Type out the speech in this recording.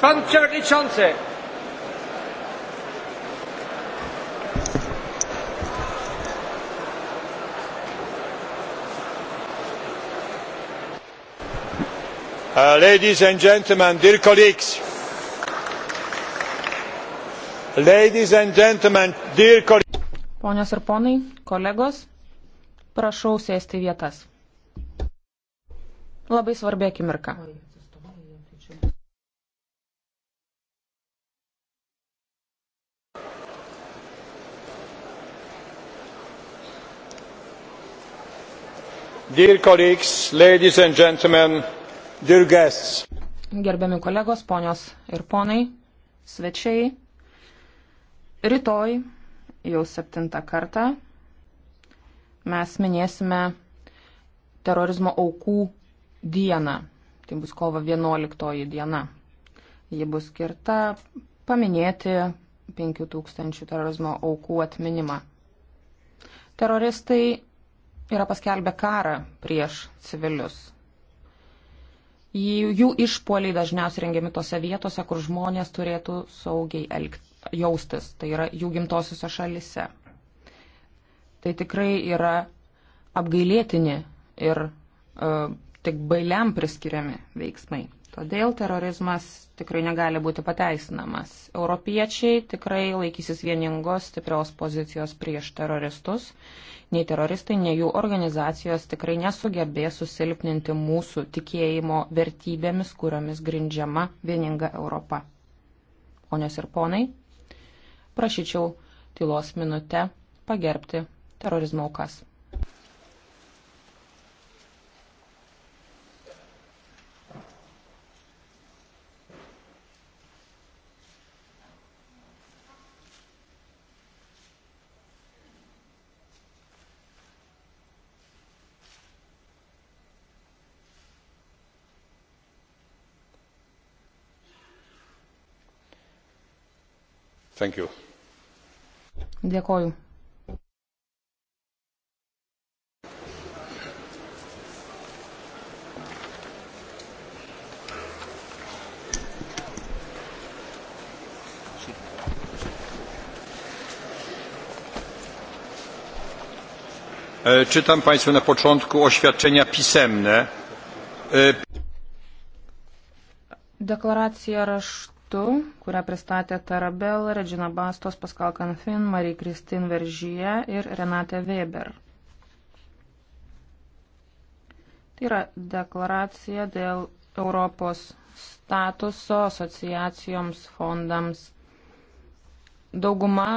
Pan Przewodniczący! Uh, ladies and gentlemen, dear colleagues. Ladies and gentlemen, dear colleagues. Ponios ir ponai, kolegos, prašau sėsti vietas. Labai svarbi akimirka. Dear colleagues, ladies and gentlemen, dear guests. Gerbiami kolegos, ponios ir ponai, svečiai, rytoj jau septintą kartą mes minėsime terorizmo aukų dieną. Tai bus kovo 11 diena. Ji bus skirta paminėti 5000 terorizmo aukų atminimą. Teroristai yra paskelbę karą prieš civilius. Jų išpoliai dažniausiai rengiami tose vietose, kur žmonės turėtų saugiai elgti, jaustis, tai yra jų gimtosiuose šalise. Tai tikrai yra apgailėtini ir uh, tik bailiam priskiriami veiksmai. Todėl terorizmas tikrai negali būti pateisinamas. Europiečiai tikrai laikysis vieningos stiprios pozicijos prieš teroristus. Nei teroristai, nei jų organizacijos tikrai nesugebės susilpninti mūsų tikėjimo vertybėmis, kuriomis grindžiama vieninga Europa. Ponios ir ponai, prašyčiau tylos minutę pagerbti terorizmo aukas. Thank you. Dėkoju. E, czytam Państwu na początku oświadczenia pisemne. E, Deklaracja raštu projektu, kurią pristatė Tarabel, Regina Bastos, Pascal Canfin, Marie Kristin Veržyje ir Renate Weber. Tai yra deklaracija dėl Europos statuso asociacijoms fondams. Dauguma